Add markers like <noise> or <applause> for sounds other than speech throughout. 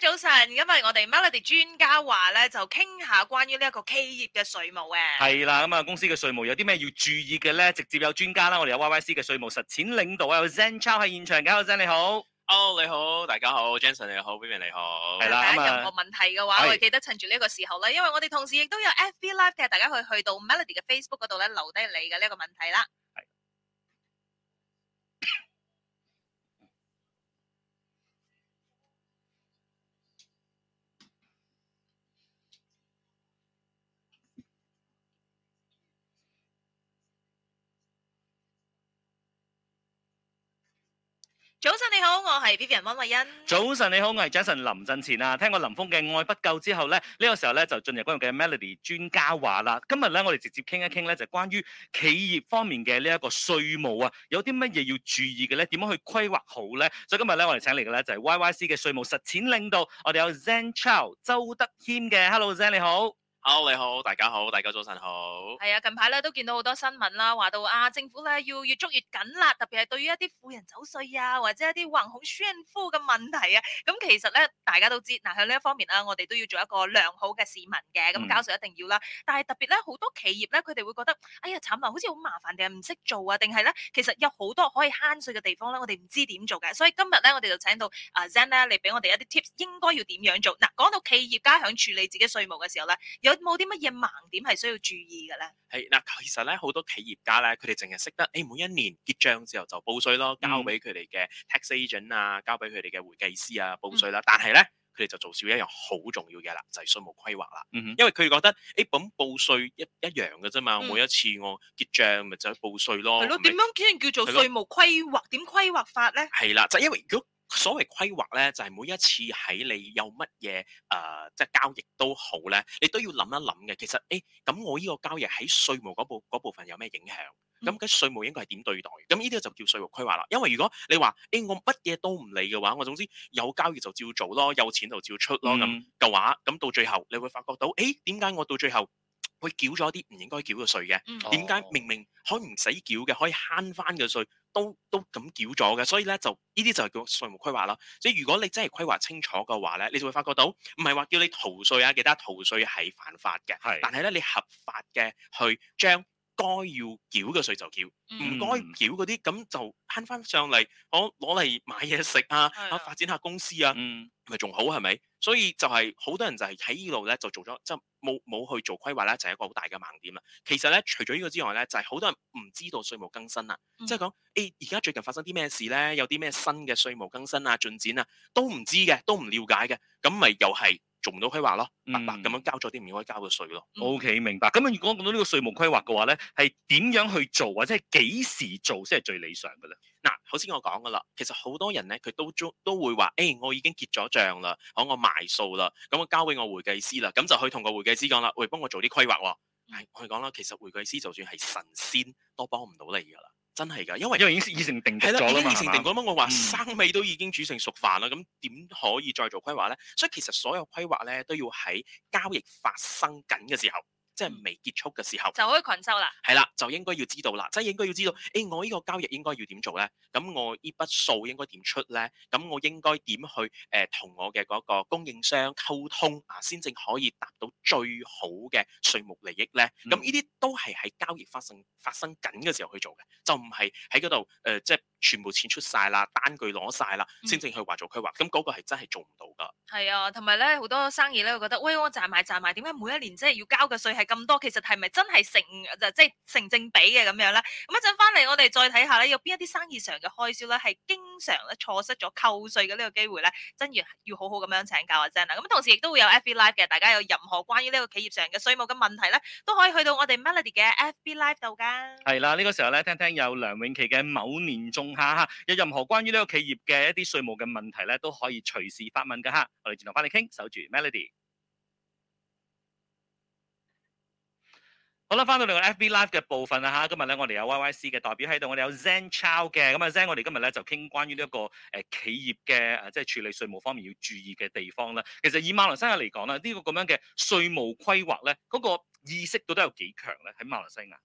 早晨，今日我哋 Melody 專家話咧，就傾下關於呢一個企業嘅稅務誒，係啦。咁啊，公司嘅稅務有啲咩要注意嘅咧？直接有專家啦，我哋有 YYC 嘅稅務實踐領導啊，有 Zen Chow 喺現場，交個 Zen，你好，Hello 你好，大家好，Jason 你好，Vinny 你好，係啦。咁啊，任何問題嘅話，我哋記得趁住呢個時候咧，因為我哋同時亦都有 FB Live 嘅，大家可以去到 Melody 嘅 Facebook 嗰度咧留低你嘅呢一個問題啦。早晨你好，我係 Vivian 溫慧欣。早晨你好，我係 Jason 林振前啊。聽過林峰嘅愛不夠之後咧，呢、這個時候咧就進入今日嘅 Melody 專家話啦。今日咧我哋直接傾一傾咧就關於企業方面嘅呢一個稅務啊，有啲乜嘢要注意嘅咧？點樣去規劃好咧？所以今日咧我哋請嚟嘅咧就係 Y Y C 嘅稅務實踐領導，我哋有 Zen Chow 周德謙嘅，Hello Zen 你好。你好，大家好，大家早晨好。係啊，近排咧都見到好多新聞啦，話到啊，政府咧要越捉越緊啦，特別係對於一啲富人走稅啊，或者一啲橫行炫富嘅問題啊。咁其實咧，大家都知嗱，喺呢一方面啦，我哋都要做一個良好嘅市民嘅，咁交稅一定要啦。但係特別咧，好多企業咧，佢哋會覺得，哎呀，慘啊，好似好麻煩定係唔識做啊，定係咧，其實有好多可以慳稅嘅地方咧，我哋唔知點做嘅。所以今日咧，我哋就請到阿 Zen 咧嚟俾我哋一啲 tips，應該要點樣做。嗱，講到企業家響處理自己稅務嘅時候咧，有。冇啲乜嘢盲點係需要注意嘅咧？係嗱，其實咧好多企業家咧，佢哋淨係識得誒每一年結帳之後就報稅咯，交俾佢哋嘅 tax agent 啊，交俾佢哋嘅會計師啊報稅啦。嗯、但係咧，佢哋就做少一樣好重要嘅啦，就係、是、稅務規劃啦。嗯、哼 因為佢哋覺得誒咁、哎、報稅一一樣嘅啫嘛，每一次我結帳咪就報稅咯。係咯，點樣叫做稅務規劃？點吧規劃法咧？係啦，就是、因為所謂規劃咧，就係、是、每一次喺你有乜嘢誒，即係交易都好咧，你都要諗一諗嘅。其實誒，咁、欸、我呢個交易喺稅務嗰部部分有咩影響？咁咁稅務應該係點對待？咁呢啲就叫稅務規劃啦。因為如果你話誒、欸、我乜嘢都唔理嘅話，我總之有交易就照做咯，有錢就照出咯咁嘅、嗯、話，咁到最後你會發覺到誒點解我到最後會繳咗啲唔應該繳嘅稅嘅？點解、哦、明明可以唔使繳嘅，可以慳返嘅稅？都都咁繳咗嘅，所以咧就呢啲就係叫稅務規劃啦。即係如果你真係規劃清楚嘅話咧，你就會發覺到，唔係話叫你逃稅啊，記得逃稅係犯法嘅。係的，但係咧你合法嘅去將。該要繳嘅稅就繳，唔該繳嗰啲咁就慳翻上嚟，我攞嚟買嘢食啊，啊發展下公司啊，咪仲、嗯、好係咪？所以就係、是，好多人就係喺呢度咧，就做咗即係冇冇去做規劃咧，就係一個好大嘅盲點啦。其實咧，除咗呢個之外咧，就係、是，好多人唔知道稅務更新啦，即係講誒而家最近發生啲咩事咧，有啲咩新嘅稅務更新啊進展啊，都唔知嘅，都唔了解嘅，咁咪又係。做唔到規劃咯，白白咁樣交咗啲唔應該交嘅稅咯。OK，明白。咁、嗯、樣如果講到呢個稅務規劃嘅話咧，係點樣去做，或者係幾時做先係最理想嘅咧？嗱、啊，頭先我講㗎啦，其實好多人咧，佢都都都會話，誒、欸，我已經結咗帳啦，好，我賣數啦，咁我交俾我會計師啦，咁就去同個會計師講啦，喂，幫我做啲規劃喎。係、哎，我哋講啦，其實會計師就算係神仙都幫唔到你㗎啦。真係㗎，因為因為已經已成定局咗啦嘛，係了嘛？吧我話生米都已經煮成熟飯啦，咁點、嗯、可以再做規劃咧？所以其實所有規劃咧都要喺交易發生緊嘅時候。即係未結束嘅時候，就可群收啦。係啦，就應該要知道啦，即係應該要知道，誒、欸，我呢個交易應該要點做咧？咁我呢筆數應該點出咧？咁我應該點去誒同、呃、我嘅嗰個供應商溝通啊，先至可以達到最好嘅稅目利益咧？咁呢啲都係喺交易發生發生緊嘅時候去做嘅，就唔係喺嗰度誒，即係。全部錢出晒啦，單據攞晒啦，先正去話做規劃，咁嗰個係真係做唔到㗎。係啊，同埋咧好多生意咧，會覺得喂我賺埋賺埋，點解每一年即係要交嘅稅係咁多？其實係咪真係成就即係成正比嘅咁樣咧？咁一陣翻嚟，我哋再睇下咧，有邊一啲生意上嘅開銷咧，係經常咧錯失咗扣稅嘅呢個機會咧？真如要好好咁樣請教下真啦。咁同時亦都會有 FB Live 嘅，大家有任何關於呢個企業上嘅稅務嘅問題咧，都可以去到我哋 Melody 嘅 FB Live 度㗎。係啦、啊，呢個時候咧，聽，聽聽有梁詠琪嘅《某年中》。下嚇、啊，有任何關於呢個企業嘅一啲稅務嘅問題咧，都可以隨時發問嘅吓、啊，我哋轉頭翻嚟傾，守住 Melody。好啦，翻到嚟個 FB Live 嘅部分啦嚇、啊。今日咧，我哋有 YYC 嘅代表喺度，我哋有 Zen Chow 嘅咁啊 Zen。Z 我哋今日咧就傾關於呢一個誒、呃、企業嘅即係處理稅務方面要注意嘅地方啦。其實以馬來西亞嚟講啦，這個、這呢個咁樣嘅稅務規劃咧，嗰、那個意識到底有幾強咧？喺馬來西亞。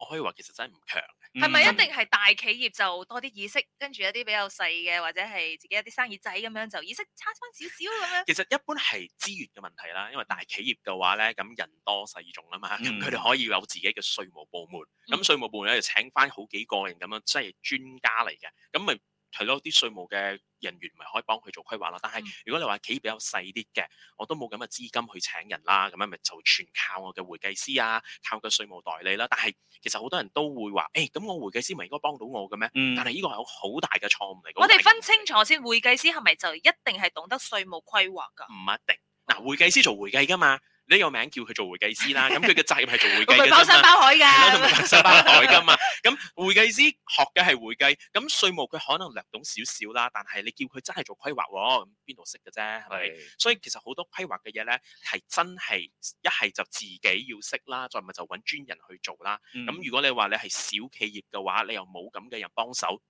我可以話其實真係唔強，係咪、嗯、的一定係大企業就多啲意識，跟住一啲比較細嘅或者係自己一啲生意仔咁樣就意識差翻少少咧？其實一般係資源嘅問題啦，因為大企業嘅話咧，咁人多勢眾啊嘛，佢哋、嗯、可以有自己嘅稅務部門，咁稅務部門咧就請翻好幾個人咁樣，即、就、係、是、專家嚟嘅，咁咪。係咯，啲稅務嘅人員咪可以幫佢做規劃啦。但係如果你話企業比較細啲嘅，我都冇咁嘅資金去請人啦。咁樣咪就全靠我嘅會計師啊，靠個稅務代理啦。但係其實好多人都會話，誒、欸，咁我會計師咪係應該幫到我嘅咩？嗯、但係呢個係有好大嘅錯誤嚟。我哋分清楚先，會計師係咪就一定係懂得稅務規劃㗎？唔一定。嗱、啊，會計師做會計㗎嘛。你都有名叫佢做會計師啦，咁佢嘅責任係做會計 <laughs> 會計嘅啫，包山包海㗎，包山包海㗎嘛。咁會計師學嘅係會計，咁稅務佢可能略懂少少啦，但係你叫佢真係做規劃喎，咁邊度識嘅啫？係咪？是所以其實好多規劃嘅嘢咧，係真係一係就自己要識啦，再唔係就揾專人去做啦。咁、嗯、如果你話你係小企業嘅話，你又冇咁嘅人幫手。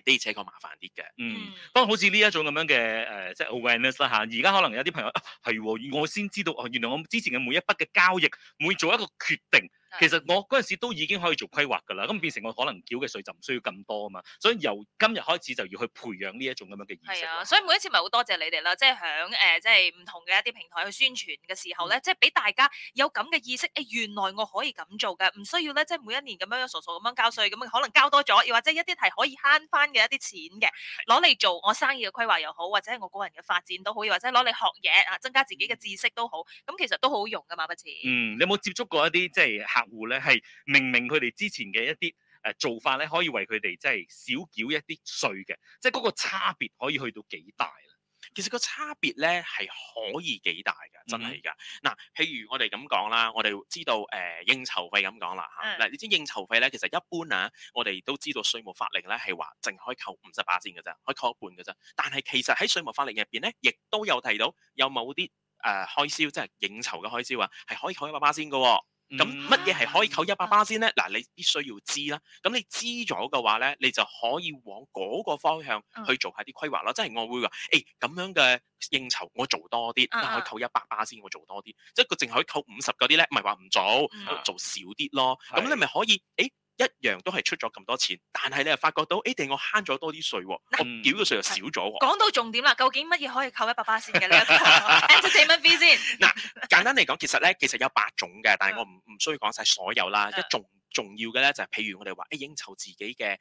係的確麻煩啲嘅，嗯，不過、嗯、好似呢一種咁樣嘅誒、呃，即係 awareness 啦嚇。而家可能有啲朋友係、啊，我先知道、啊，原來我之前嘅每一筆嘅交易，每做一個決定。其實我嗰陣時都已經可以做規劃㗎啦，咁變成我可能繳嘅稅就唔需要咁多啊嘛，所以由今日開始就要去培養呢一種咁樣嘅意識。係啊，所以每一次咪好多謝你哋啦，即係喺誒即係唔同嘅一啲平台去宣傳嘅時候咧，嗯、即係俾大家有咁嘅意識，誒、哎、原來我可以咁做嘅，唔需要咧即係每一年咁樣傻傻咁樣交稅，咁可能交多咗，又或者一啲係可以慳翻嘅一啲錢嘅，攞嚟的做我生意嘅規劃又好，或者我個人嘅發展都好，又或者攞嚟學嘢啊，增加自己嘅知識都好，咁其實都好用㗎嘛，筆錢。嗯，你有冇接觸過一啲即係客戶咧係明明佢哋之前嘅一啲誒、呃、做法咧，可以為佢哋即係少繳一啲稅嘅，即係嗰個差別可以去到幾大咧？其實個差別咧係可以幾大嘅，真係㗎。嗱、嗯，譬如我哋咁講啦，我哋知道誒、呃、應酬費咁講啦嚇。嗱、嗯，你知應酬費咧，其實一般啊，我哋都知道稅務法令咧係話淨可以扣五十巴仙嘅啫，可以扣一半嘅啫。但係其實喺稅務法令入邊咧，亦都有提到有某啲誒開銷，即係應酬嘅開銷啊，係可以扣一百巴仙嘅喎。咁乜嘢係可以扣一百巴先咧？嗱、啊，你必須要知啦。咁你知咗嘅話咧，你就可以往嗰個方向去做下啲規劃咯。嗯、即係我會話，誒、欸、咁樣嘅應酬我做多啲，啊啊但係扣一百巴先我做多啲。即係佢淨係可以扣五十嗰啲咧，唔係話唔做，嗯啊、做少啲咯。咁、嗯、你咪可以誒？欸一樣都係出咗咁多錢，但係你又發覺到，哎定我慳咗多啲稅喎，嗯、我繳嘅稅又少咗喎。講、嗯、到重點啦，究竟乜嘢可以扣一百八先嘅呢一個 entertainment fee 先？嗱，簡單嚟講，其實咧，其實有八種嘅，但係我唔唔需要講晒所有啦。一重重要嘅咧、就係，就係譬如我哋話，哎應酬自己嘅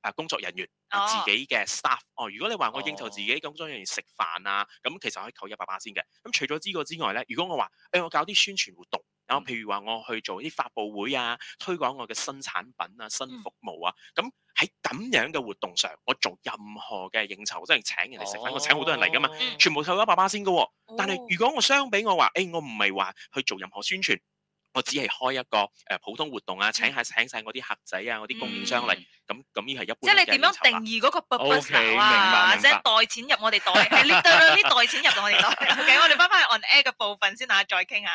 啊工作人員，自己嘅 staff、哦。哦，哦哦如果你話我應酬自己工作人員食飯啊，咁其實可以扣一百八先嘅。咁除咗呢個之外咧，如果我話，哎我搞啲宣傳活動。譬如話我去做啲發佈會啊，推廣我嘅新產品啊、新服務啊，咁喺咁樣嘅活動上，我做任何嘅應酬，即係請人哋食飯，哦、我請好多人嚟噶嘛，全部扣咗百巴仙嘅、啊。但係如果我相比我話，誒、欸、我唔係話去做任何宣傳，我只係開一個誒、呃、普通活動啊，請下請晒我啲客仔啊，我啲供應商嚟、啊，咁咁呢係一般。即係你點樣定義嗰個 business 啊？或者、okay, 代錢入我哋袋你呢？呢呢 <laughs> 代錢入我哋袋。O K， <laughs> 我哋翻返去 on air 嘅部分先啊，再傾啊。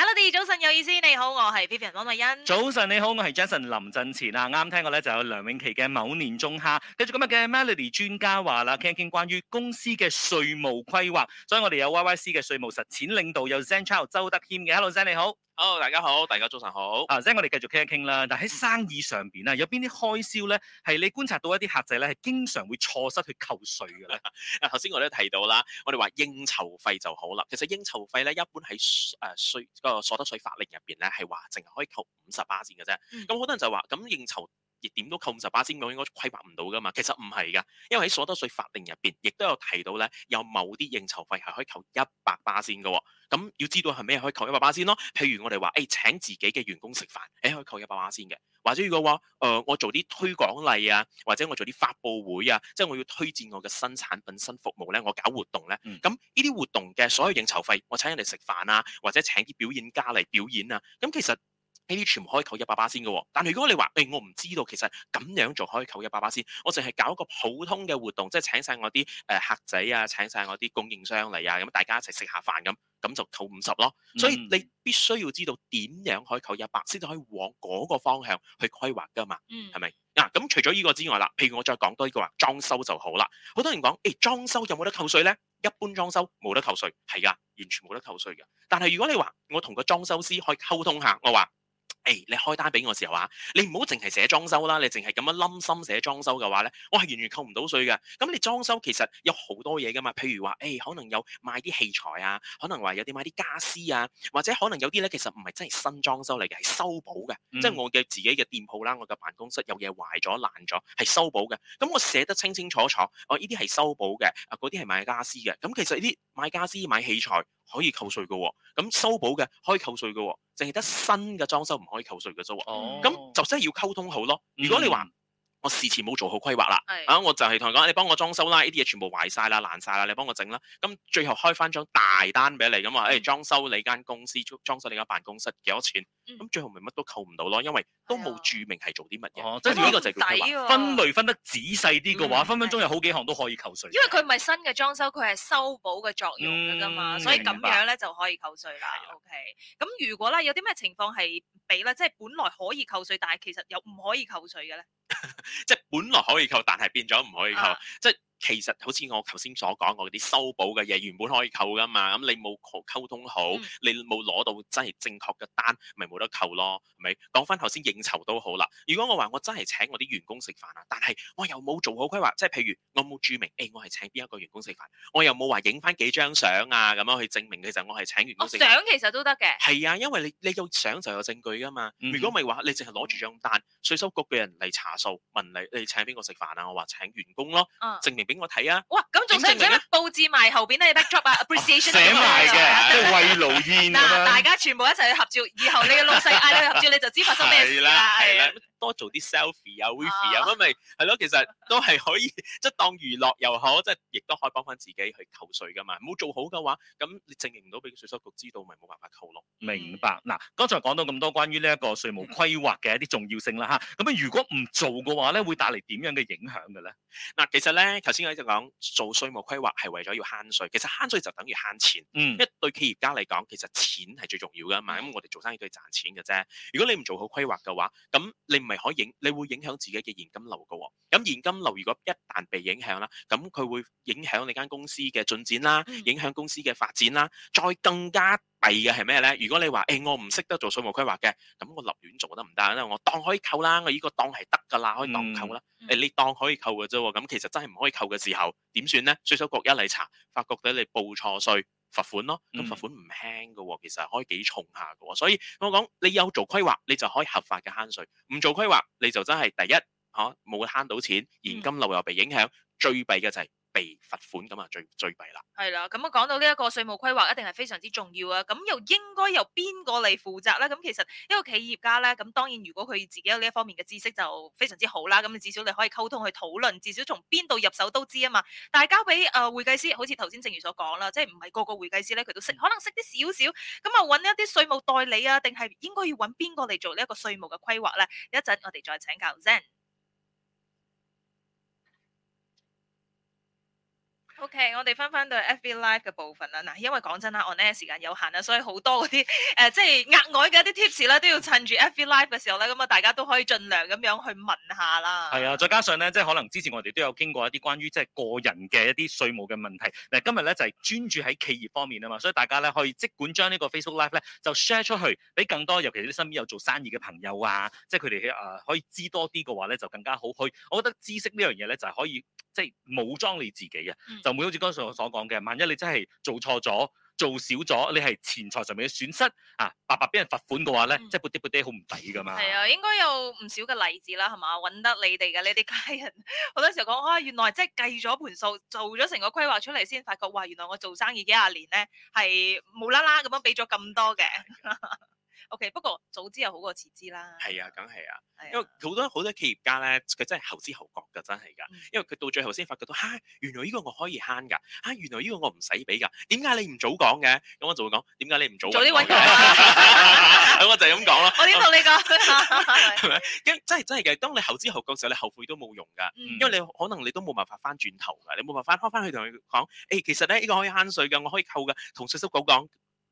Hello，D，早晨有意思，你好，我係 Vivian 安慧欣。早晨你好，我係 Jason 林振前啊，啱聽過咧就有梁詠琪嘅某年仲夏。繼續今日嘅 Melody 專家話啦，傾一傾關於公司嘅稅務規劃。所以我哋有 YYC 嘅稅務實踐領導有 Zen Chow 周德謙嘅，Hello，Zen，你好。好，Hello，大家好，大家早晨好。啊，即係我哋繼續傾一傾啦。但係喺生意上邊咧，嗯、有邊啲開銷咧，係你觀察到一啲客仔咧，係經常會錯失去扣稅嘅咧。 <laughs> 啊，頭先我都提到啦，我哋話應酬費就好啦。其實應酬費咧，一般喺誒稅個所得稅法令入邊咧，係話淨係可以扣五十巴仙嘅啫。咁好、嗯、多人就話咁應酬亦點都扣五十巴仙咁，我應該規劃唔到噶嘛？其實唔係噶，因為喺所得稅法令入邊，亦都有提到咧，有某啲應酬費係可以扣一百巴仙嘅。咁、哦、要知道係咩可以扣一百巴仙咯？譬如我哋話誒請自己嘅員工食飯，誒、欸、可以扣一百巴仙嘅。或者如果話誒、呃、我做啲推廣例啊，或者我做啲發佈會啊，即、就、係、是、我要推薦我嘅新產品、新服務咧，我搞活動咧，咁呢啲活動嘅所有應酬費，我請人嚟食飯啊，或者請啲表演家嚟表演啊，咁其實～呢啲全部可以扣一百八先嘅、哦，但係如果你話誒、哎，我唔知道其實咁樣做可以扣一百八先，我淨係搞一個普通嘅活動，即係請晒我啲誒客仔啊，請晒我啲供應商嚟啊，咁大家一齊食下飯咁、啊，咁就扣五十咯。嗯、所以你必須要知道點樣可以扣一百先，先可以往嗰個方向去規劃㗎嘛，係咪？嗱、嗯，咁、啊、除咗呢個之外啦，譬如我再講多一個話，裝修就好啦。好多人講誒，裝、哎、修有冇得扣稅咧？一般裝修冇得扣稅，係噶，完全冇得扣稅嘅。但係如果你話我同個裝修師可以溝通下，我話。哎、你開單俾我時候啊，你唔好淨係寫裝修啦，你淨係咁樣冧心寫裝修嘅話咧，我係完全扣唔到稅嘅。咁你裝修其實有好多嘢噶嘛，譬如話誒、哎，可能有買啲器材啊，可能話有啲買啲家私啊，或者可能有啲咧，其實唔係真係新裝修嚟嘅，係修補嘅。嗯、即係我嘅自己嘅店鋪啦，我嘅辦公室有嘢壞咗、爛咗，係修補嘅。咁我寫得清清楚楚，哦、呢啲係修補嘅，啊嗰啲係買家私嘅。咁其實呢啲買家私、買器材可以扣稅嘅喎，咁修補嘅可以扣稅嘅喎。淨係得新嘅裝修唔可以扣稅㗎啫，咁、oh. 就真係要溝通好咯。如果你話，mm hmm. 我事前冇做好規劃啦，啊，我就係同佢講，你幫我裝修啦，呢啲嘢全部壞晒啦、爛晒啦，你幫我整啦。咁最後開翻張大單俾你咁話，誒，裝修你間公司，裝修你間辦公室幾多錢？咁最後咪乜都扣唔到咯，因為都冇注明係做啲乜嘢。即係呢個就係分類分得仔細啲嘅話，分分鐘有好幾項都可以扣稅。因為佢唔係新嘅裝修，佢係修補嘅作用㗎嘛，所以咁樣咧就可以扣稅啦。OK，咁如果咧有啲咩情況係俾咧，即係本來可以扣稅，但係其實又唔可以扣稅嘅咧？即係本來可以扣，但係變咗唔可以扣，啊、即係。其實好似我頭先所講，我嗰啲修補嘅嘢原本可以扣噶嘛，咁、嗯、你冇溝通好，嗯、你冇攞到真係正，正確嘅單，咪冇得扣咯，係咪？講翻頭先應酬都好啦，如果我話我真係請我啲員工食飯啊，但係我又冇做好規劃，即係譬如我冇注明，誒、欸、我係請邊一個員工食飯，我又冇話影翻幾張相啊，咁樣去證明嘅時候我係請員工食飯。食相其實都得嘅。係啊，因為你你有相就有證據噶嘛。嗯嗯、如果咪係話，你淨係攞住張單，稅收、嗯嗯、局嘅人嚟查數，問你你請邊個食飯啊？我話請員工咯，證明、呃。呃證明俾我睇啊！哇，咁仲使唔使布置埋後邊咧？backdrop 啊，appreciation 寫埋嘅，即係慰勞宴。嗱， <laughs> 大家全部一齊去合照，以後你嘅老細嗌、哎、你去合照，你就知發生咩事啦。係啦。 <laughs> <laughs> 多做啲 selfie 啊、WiFi 啊咁咪係咯，其實都係可以即係、就是、當娛樂又好，即係亦都可以幫翻自己去扣稅噶嘛。冇做好嘅話，咁你證明唔到俾稅收局知道，咪冇辦法扣咯。明白嗱，剛才講到咁多關於呢一個稅務規劃嘅一啲重要性啦吓，咁啊如果唔做嘅話咧，會帶嚟點樣嘅影響嘅咧？嗱，其實咧頭先我就講做稅務規劃係為咗要慳稅，其實慳稅就等於慳錢，一、嗯、因為對企業家嚟講，其實錢係最重要噶嘛。咁我哋做生意都係賺錢嘅啫。如果你唔做好規劃嘅話，咁你咪可以影，你會影響自己嘅現金流嘅喎、哦。咁現金流如果一旦被影響啦，咁佢會影響你間公司嘅進展啦，影響公司嘅發展啦。再更加弊嘅係咩咧？如果你話誒、欸，我唔識得做稅務規劃嘅，咁我立亂做得唔得？因為咧？我當可以扣啦，我依個當係得㗎啦，可以當扣啦。誒、嗯，你當可以扣嘅啫。咁其實真係唔可以扣嘅時候，點算咧？稅收局一嚟查，發覺到你報錯稅。罰款咯，咁罰款唔輕㗎喎，其實可以幾重下㗎喎，所以我講你有做規劃，你就可以合法嘅慳稅；唔做規劃，你就真係第一嚇冇慳到錢，現金流又被影響，最弊嘅就係、是。係罰款咁啊，最最弊啦。係啦，咁我講到呢一個稅務規劃，一定係非常之重要啊。咁又應該由邊個嚟負責咧？咁其實一個企業家咧，咁當然如果佢自己有呢一方面嘅知識，就非常之好啦。咁至少你可以溝通去討論，至少從邊度入手都知啊嘛。但係交俾誒、呃、會計師，好似頭先正如所講啦，即係唔係個個會計師咧，佢都識，可能識啲少少。咁啊，揾一啲稅務代理啊，定係應該要揾邊個嚟做呢一個稅務嘅規劃咧？一陣我哋再請教。OK，我哋翻翻到 FB live 嘅部分啦。嗱，因為講真啦，我呢 online 時間有限啦，所以好多嗰啲誒，即係額外嘅一啲 tips 咧，都要趁住 FB live 嘅時候咧，咁啊，大家都可以盡量咁樣去問下啦。係啊，再加上咧，即係可能之前我哋都有經過一啲關於即係個人嘅一啲稅務嘅問題。嗱，今日咧就係、是、專注喺企業方面啊嘛，所以大家咧可以即管將呢個 Facebook Live 咧就 share 出去，俾更多，尤其是啲身邊有做生意嘅朋友啊，即係佢哋誒可以知多啲嘅話咧，就更加好。去，我覺得知識呢樣嘢咧就係、是、可以即係武裝你自己啊。就每、嗯。好似剛才我所講嘅，萬一你真係做錯咗、做少咗，你係錢財上面嘅損失啊，白白俾人罰款嘅話咧，嗯、即係「撥啲撥啲」好唔抵噶嘛。係啊，應該有唔少嘅例子啦，係嘛？揾得你哋嘅呢啲家人好多時候講，哇、哎，原來即係計咗盤數，做咗成個規劃出嚟先，發覺哇，原來我做生意幾廿年咧，係冇啦啦咁樣俾咗咁多嘅。 <laughs> O.K. 不過早知又好過遲知啦。係啊，梗係啊，因為好多好多企業家咧，佢真係後知後覺噶，真係噶。嗯、因為佢到最後先發覺到，嚇、啊、原來呢個我可以慳㗎，嚇、啊、原來呢個我唔使俾㗎。點解你唔早講嘅？咁我就會講，點解你唔早？做啲運動啦。咁我就係咁講咯。 <laughs> 我點同你講？係 <laughs> 咪？ <laughs> <laughs> 咁真係真係嘅。當你後知後覺時候，你後悔都冇用㗎，嗯、因為你可能你都冇辦法翻轉頭㗎。你冇辦法翻翻去同佢講，誒、哎、其實咧依、這個可以慳稅㗎，我可以扣㗎，同稅收局講。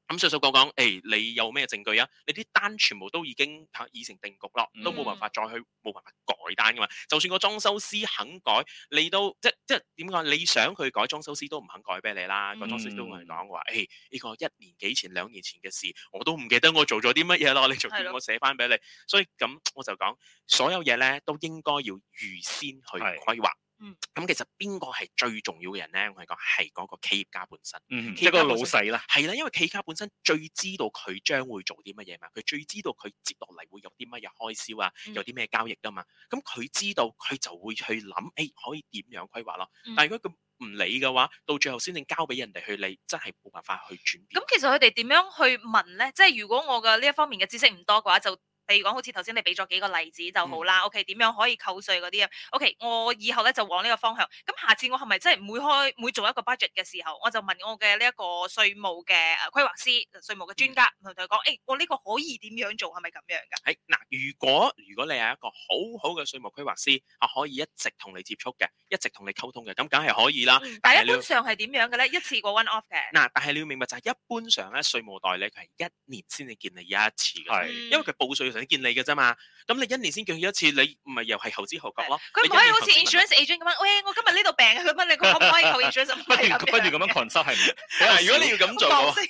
咁實叔講講，誒、哎、你有咩證據啊？你啲單全部都已經嚇已成定局咯，都冇辦法再去冇辦法改單噶嘛。就算個裝修師肯改，你都即即係點講？你想佢改，裝修師都唔肯改俾你啦。個、嗯、裝修師都係講話，誒、哎、呢、這個一年幾前兩年前嘅事，我都唔記得我做咗啲乜嘢咯。你仲叫我寫翻俾你，的所以咁我就講，所有嘢咧都應該要預先去規劃。咁、嗯、其實邊個係最重要嘅人咧？我係講係嗰個企業家本身，即係個老細啦，係啦，嗯、因為企業家本身最知道佢將會做啲乜嘢嘛，佢最知道佢接落嚟會有啲乜嘢開銷啊，有啲咩交易噶嘛，咁佢、嗯、知道佢就會去諗，誒、欸、可以點樣規劃咯。嗯、但係如果佢唔理嘅話，到最後先至交俾人哋去理，真係冇辦法去轉變。咁其實佢哋點樣去問咧？即係如果我嘅呢一方面嘅知識唔多嘅話就。例如講，好似頭先你俾咗幾個例子就好啦。嗯、OK，點樣可以扣稅嗰啲啊？OK，我以後咧就往呢個方向。咁下次我係咪真係每開每做一個 budget 嘅時候，我就問我嘅呢一個稅務嘅誒規劃師、稅務嘅專家，同佢講：誒、哎，我呢個可以點樣做？係咪咁樣㗎？係嗱，如果如果你係一個好好嘅稅務規劃師，啊可以一直同你接觸嘅，一直同你溝通嘅，咁梗係可以啦。但係、嗯、一般上係點樣嘅咧？一次過 one off 嘅。嗱、嗯，但係你要明白就係、是、一般上咧，稅務代理佢係一年先至見你一次嘅是，因為佢報稅睇見你嘅啫嘛，咁你一年先叫一次，你唔係又係後知後覺咯。佢唔可以好似 insurance agent 咁樣，喂，我今日呢度病，佢問你可唔可以投 insurance？不斷咁樣 consult 係唔得。如果你要咁做，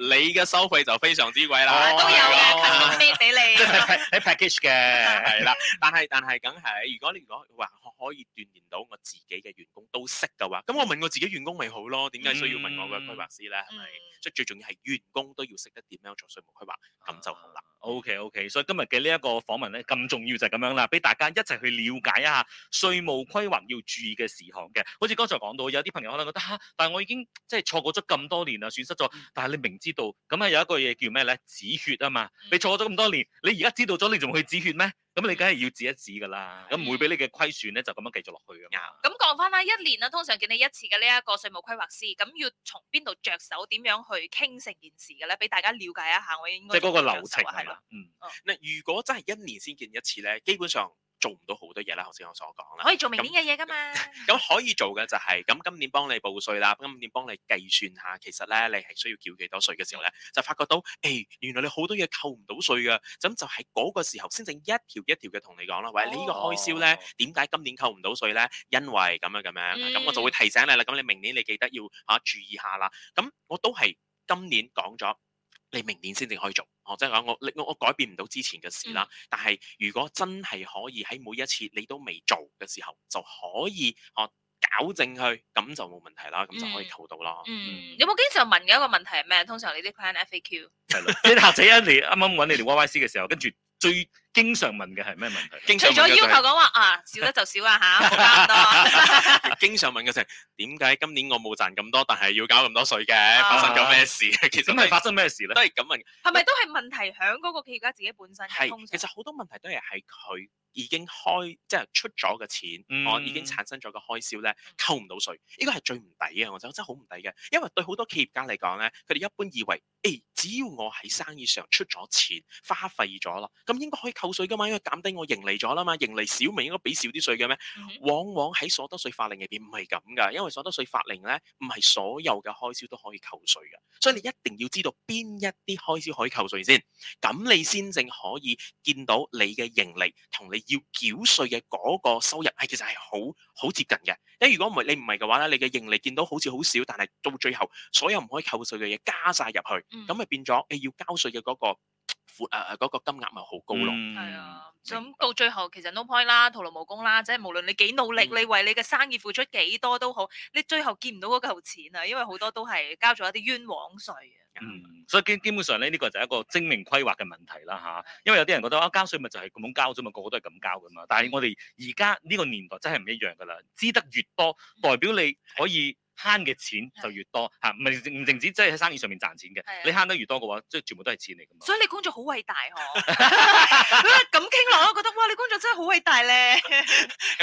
你嘅收費就非常之貴啦。都有嘅，提供俾你。係 package 嘅，係啦。但係但係，梗係如果你如果話可以鍛鍊到我自己嘅員工都識嘅話，咁我問我自己員工咪好咯？點解需要問我嘅規劃師咧？係咪？即係最重要係員工都要識得點樣做稅務規劃，咁就好啦。O K O K，所以今日嘅呢一個訪問咧，咁重要就係咁樣啦，俾大家一齊去了解一下稅務規劃要注意嘅事項嘅。好似剛才講到，有啲朋友可能覺得吓，但係我已經即係錯過咗咁多年啦，損失咗。嗯，但係你明知道，咁啊有一個嘢叫咩咧，止血啊嘛。你錯過咗咁多年，你而家知道咗，你仲去止血咩？咁、嗯、你梗係要指一指噶啦，咁唔的會俾你嘅虧損咧就咁樣繼續落去啊。咁講翻啦，一年啦，通常見你一次嘅呢一個稅務規劃師，咁要從邊度着手，點樣去傾成件事嘅咧？俾大家了解一下，我應該即係個流程係嘛？吧嗯，嗱、嗯，嗯、如果真係一年先見一次咧，基本上。做唔到好多嘢啦，頭先我所講啦，可以做明年嘅嘢噶嘛？咁可以做嘅就係、是、咁，今年幫你報稅啦，今年幫你計算下，其實咧你係需要繳幾多稅嘅時候咧，就發覺到，誒、哎、原來你好多嘢扣唔到稅㗎，咁就係嗰個時候先正一條一條嘅同你講啦，喂，哦哦你呢個開銷咧點解今年扣唔到稅咧？因為咁樣咁樣，咁我就會提醒你啦，咁你明年你記得要嚇、啊、注意下啦。咁我都係今年講咗。你明年先至可以做，哦、啊，即係講我你我我改變唔到之前嘅事啦，嗯、但係如果真係可以喺每一次你都未做嘅時候，就可以哦搞、啊、正佢，咁就冇問題啦，咁就可以扣到啦。嗯，嗯嗯有冇經常問嘅一個問題係咩？通常你啲 plan FAQ 係啦 <laughs> 即係頭先你啱啱揾你哋 Y Y C 嘅時候，跟住最。經常問嘅係咩問題？除咗要求講話、就是、 <laughs> 啊，少得就少啊吓，唔交咁多。 <laughs> <laughs> 經常問嘅就係點解今年我冇賺咁多，但係要搞咁多稅嘅？發生咗咩事？啊、其實係、嗯、發生咩事咧？都係咁問。係咪是都係問題響嗰個企業家自己本身通？係。其實好多問題都係喺佢已經開即係出咗嘅錢，嗯、我已經產生咗嘅開銷咧，扣唔到稅。呢個係最唔抵嘅！我真係好唔抵嘅，因為對好多企業家嚟講咧，佢哋一般以為，誒、欸，只要我喺生意上出咗錢，花費咗咯，咁應該可以。扣稅噶嘛，因為減低我盈利咗啦嘛，盈利少咪應該俾少啲稅嘅咩？往往喺所得稅法令入邊唔係咁噶，因為所得稅法令咧，唔係所有嘅開銷都可以扣稅嘅，所以你一定要知道邊一啲開銷可以扣稅先，咁你先正可以見到你嘅盈利同你要繳稅嘅嗰個收入係、哎、其實係好好接近嘅。因為如果唔係你唔係嘅話咧，你嘅盈利見到好似好少，但係到最後所有唔可以扣稅嘅嘢加晒入去，咁咪變咗你要交稅嘅嗰個。闊誒嗰個金額咪好高咯、嗯，係啊，咁到最後其實 no point 啦，徒勞無功啦，即係無論你幾努力，嗯、你為你嘅生意付出幾多都好，你最後見唔到嗰嚿錢啊，因為好多都係交咗一啲冤枉稅、嗯、啊。嗯，所以基基本上咧，呢、呢個就係一個精明規劃嘅問題啦嚇、啊，因為有啲人覺得啊，稅交稅咪就係咁樣交啫嘛，個個都係咁交噶嘛，但係我哋而家呢個年代真係唔一樣噶啦，知得越多，代表你可以慳嘅錢就越多嚇，唔係唔淨止即係喺生意上面賺錢嘅，你慳得越多嘅話，即係全部都係錢嚟㗎嘛。所以你工作好偉大哦！咁傾落我都覺得哇，你工作真係好偉大咧！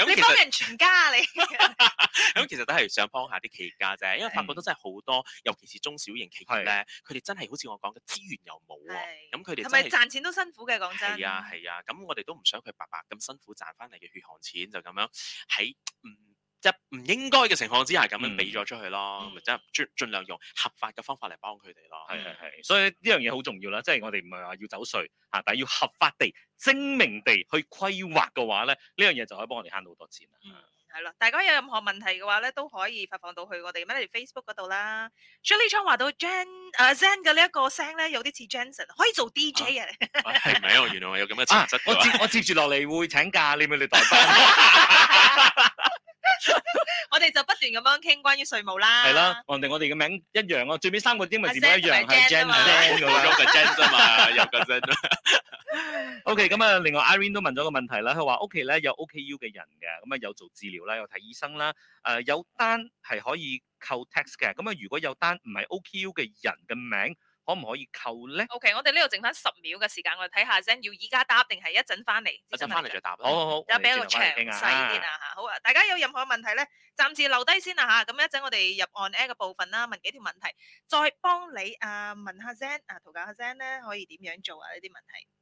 你幫人全家嚟，咁其實都係想幫下啲企業家啫，因為發覺都真係好多，尤其是中小型企業咧，佢哋真係好似我講嘅資源又冇喎，咁佢哋係咪賺錢都辛苦嘅？講真係啊，係啊，咁我哋都唔想佢白白咁辛苦賺翻嚟嘅血汗錢就咁樣喺即係唔應該嘅情況之下咁樣俾咗出去咯，咁咪即係盡量用合法嘅方法嚟幫佢哋咯。係係係，所以呢樣嘢好重要啦，即係我哋唔係話要走稅嚇，但係要合法地精明地去規劃嘅話咧，呢樣嘢就可以幫我哋慳到好多錢啦。嗯，係啦，大家有任何問題嘅話咧，都可以發放到去我哋 MELODY Facebook 嗰度啦。Jolly 窗話到 Zen 啊 Zen 嘅呢一個聲咧，有啲似 Jenson，可以做 DJ 嘅。係，唔係啊？原來我有咁嘅潛質。我接我接住落嚟會請假，你咪你代班。咁樣傾關於稅務啦，係咯，人 <noise> 哋樂、啊、我哋嘅名一樣啊、哦，最尾三個英文字母一樣係 Zen 係啊嘛，又係 O K，咁啊，另外 Irene 都問咗個問題啦，佢話屋企咧有 O、OK、K U 嘅人嘅，咁啊有做治療啦，有睇醫生啦，誒有單係可以扣 tax 嘅，咁啊如果有單唔係 O K U 嘅人嘅名。可唔可以扣咧？OK，我哋呢度剩翻十秒嘅時間，我哋睇下 Zen 要依家答定係一陣翻嚟？一陣翻嚟再答。好好好，有冇俾個長細啲啊？好啊，大家有任何嘅問題咧，暫時留低先啦、啊、吓。咁一陣我哋入 on air 嘅部分啦，問幾條問題，再幫你啊、呃、問下 Zen 啊，塗教下 Zen 咧，可以點樣做啊？呢啲問題。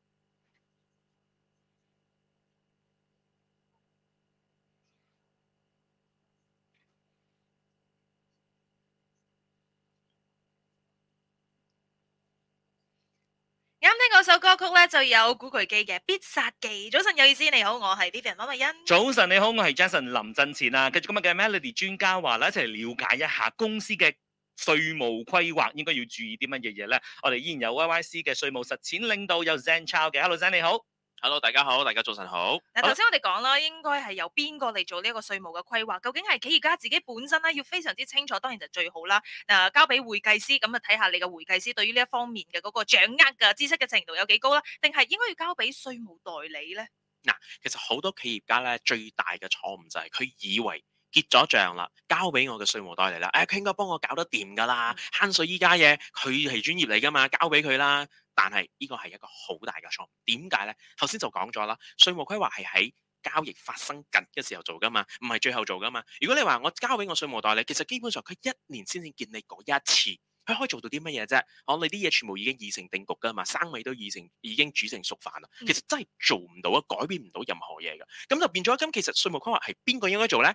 啱聽嗰首歌曲咧，就有古巨基嘅《必殺技》。早晨有意思，你好，我係 Vivian 溫文欣。早晨你好，我係 Jason 林振前啊。繼續今日嘅 Melody 專家話啦，一齊嚟了解一下公司嘅稅務規劃應該要注意啲乜嘢嘢咧？我哋依然有 YYC 嘅稅務實踐領導有 Zen Chow 嘅，Hello Zen，你好。hello，大家好，大家早晨好。嗱，頭先我哋講啦，應該係由邊個嚟做呢一個稅務嘅規劃？究竟係企業家自己本身咧，要非常之清楚，當然就最好啦。嗱、呃，交俾會計師咁啊，睇下你嘅會計師對於呢一方面嘅嗰個掌握嘅知識嘅程度有幾高啦？定係應該要交俾稅務代理咧？嗱，其實好多企業家咧，最大嘅錯誤就係佢以為結咗賬啦，交俾我嘅稅務代理啦，誒、哎，佢應該幫我搞得掂噶啦，慳稅依家嘢，佢係專業嚟噶嘛，交俾佢啦。但係呢個係一個好大嘅錯誤，點解咧？頭先就講咗啦，稅務規劃係喺交易發生緊嘅時候做噶嘛，唔係最後做噶嘛。如果你話我交俾我稅務代理，其實基本上佢一年先至見你嗰一次，佢可以做到啲乜嘢啫？我、啊、你啲嘢全部已經已成定局噶嘛，生米都已成已經煮成熟飯啦。其實真係做唔到啊，改變唔到任何嘢嘅。咁就變咗咁，其實稅務規劃係邊個應該做咧？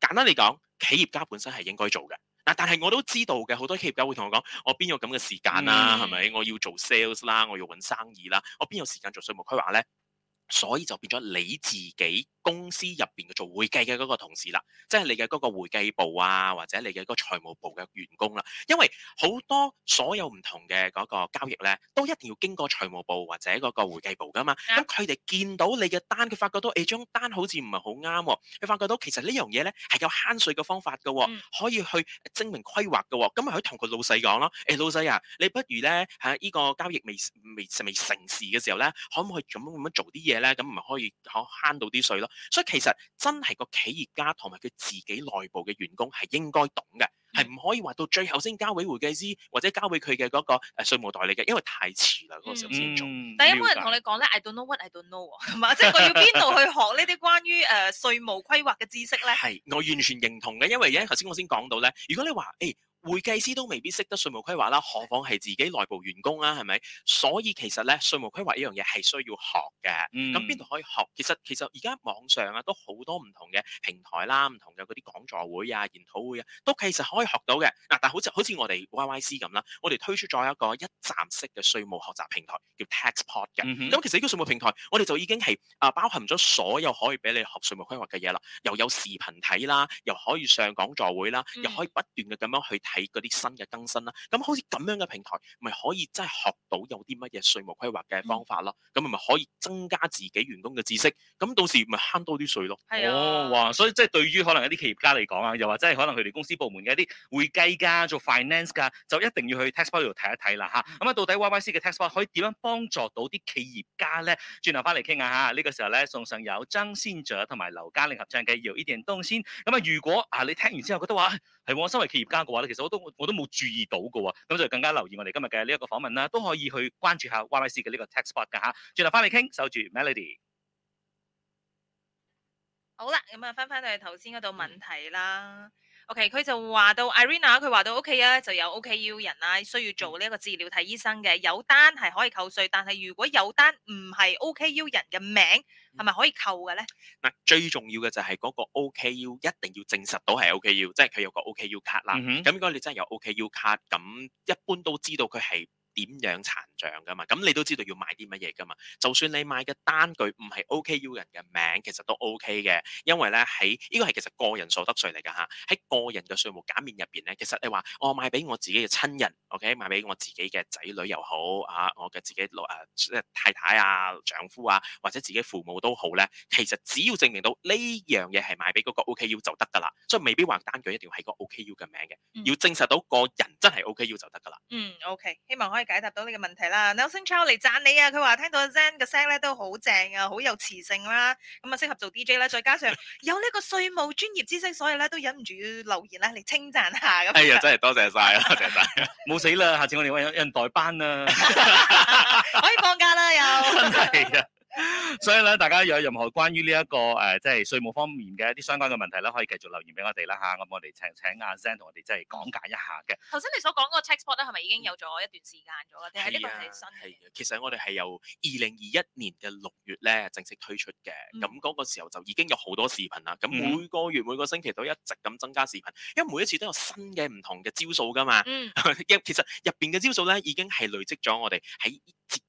簡單嚟講，企業家本身係應該做嘅。嗱，但係我都知道嘅，好多企業家會同我講：我邊有咁嘅時間啊？係咪、嗯？我要做 sales 啦，我要揾生意啦，我邊有時間做稅務規劃咧？所以就變咗你自己公司入邊嘅做會計嘅嗰個同事啦，即係你嘅嗰個會計部啊，或者你嘅個財務部嘅員工啦、啊。因為好多所有唔同嘅嗰個交易咧，都一定要經過財務部或者嗰個會計部噶嘛。咁佢哋見到你嘅單，佢發覺到誒張、哎、單好似唔係好啱，佢發覺到其實呢樣嘢咧係有慳稅嘅方法嘅，可以去證明規劃嘅，咁咪可以同佢老細講咯。誒、哎、老細啊，你不如咧喺呢、啊這個交易未未未成事嘅時候咧，可唔可以咁樣咁樣做啲嘢？咧咁咪可以可慳到啲稅咯，所以其實真係個企業家同埋佢自己內部嘅員工係應該懂嘅，係唔、嗯、可以話到最後先交俾會計師或者交俾佢嘅嗰個誒稅務代理嘅，因為太遲啦嗰、那個、時候先做。但係有冇人同你講咧？I don't know what I don't know，係嘛？即係我要邊度去學呢啲關於誒稅務規劃嘅知識咧？係我完全認同嘅，因為咧頭先我先講到咧，如果你話誒。Hey, 會計師都未必識得稅務規劃啦，何況係自己內部員工啦，係咪？所以其實咧，稅務規劃依樣嘢係需要學嘅。咁邊度可以學？其實其實而家網上啊都好多唔同嘅平台啦，唔同嘅嗰啲講座會啊、研討會啊，都其實可以學到嘅。嗱、啊，但係好似好似我哋 YYC 咁啦，我哋推出咗一個一站式嘅稅務學習平台叫 TaxPod 嘅。咁、嗯、哼其實呢個稅務平台，我哋就已經係啊包含咗所有可以俾你學稅務規劃嘅嘢啦，又有視頻睇啦，啦，又可以上講座會啦，又可以不斷嘅咁樣去睇。畀嗰啲新嘅更新啦，咁好似咁樣嘅平台，咪可以真係學到有啲乜嘢稅務規劃嘅方法咯，咁咪、嗯、可以增加自己員工嘅知識，咁到時咪慳多啲稅咯。啊、哦，哇！所以即係對於可能一啲企業家嚟講啊，又話即係可能佢哋公司部門嘅一啲會計噶，做 finance 噶，就一定要去 TaxPod 度睇一睇啦吓，咁啊、嗯，到底 Y Y C 嘅 TaxPod 可以點樣幫助到啲企業家咧？轉頭翻嚟傾下嚇，呢、呢個時候咧送上有曾先爵同埋劉嘉玲合唱嘅《由一人當先》。咁啊，如果啊你聽完之後覺得話，係我身為企業家嘅話咧，其實我都我都冇注意到嘅喎，咁就更加留意我哋今日嘅呢一個訪問啦，都可以去關注下 YYC 嘅呢個 Taxbot 嘅嚇，轉頭返嚟傾，守住 Melody。好啦，咁啊，返返去頭先嗰度問題啦。嗯 OK，佢就話到 Irena，佢話到 OK 啊，就有 OKU、OK、人啊，需要做呢一個治療睇醫生嘅有單係可以扣稅，但係如果有單唔係 OKU、OK、人嘅名，係咪可以扣嘅咧？嗱，最重要嘅就係嗰個 OKU、OK、一定要證實到係 OKU、OK、即係佢有個 OKU、OK、卡啦。咁、mm hmm. 如果你真係有 OKU、OK、卡，咁一般都知道佢係點樣殘。噶嘛，咁你都知道要買啲乜嘢噶嘛？就算你買嘅單據唔係 O.K.U 人嘅名，其實都 O.K. 嘅，因為咧喺呢個係其實個人所得稅嚟㗎嚇，喺個人嘅稅務減免入邊咧，其實你話我買俾我自己嘅親人，O.K. 買俾我自己嘅仔女又好啊，我嘅自己老誒太太啊、丈夫啊，或者自己父母都好咧，其實只要證明到呢樣嘢係買俾嗰個 O.K.U 就得㗎啦，所以未必話單據一定要係個 O.K.U 嘅名嘅，要證實到個人真係 O.K.U 就得㗎啦。嗯，O.K. 希望可以解答到呢個問題。啦，有 o 超嚟讚你啊！佢話聽到阿 Zen 嘅聲咧都好正啊，好有磁性啦，咁啊適合做 DJ 啦。再加上有呢個稅務專業知識，所以咧都忍唔住要留言啦嚟稱讚下。哎呀，真係多謝晒啊！多謝晒，冇死啦！下次我哋揾人代班啊， <laughs> <laughs> 可以放假啦又。係啊。 <laughs> <laughs> 所以咧，大家有任何關於呢、這、一個誒，即、呃、係、就是、稅務方面嘅一啲相關嘅問題咧，可以繼續留言俾我哋啦嚇。咁、啊嗯、我哋請請阿 Zen 同我哋即係講解一下嘅。頭先你所講嗰個 textbook 咧，係咪已經有咗一段時間咗，定係呢個係新、嗯嗯、其實我哋係由二零二一年嘅六月咧正式推出嘅。咁嗰個時候就已經有好多視頻啦。咁每個月每個星期都一直咁增加視頻，因為每一次都有新嘅唔同嘅招數噶嘛。嗯、 <laughs> 其實入邊嘅招數咧已經係累積咗我哋喺。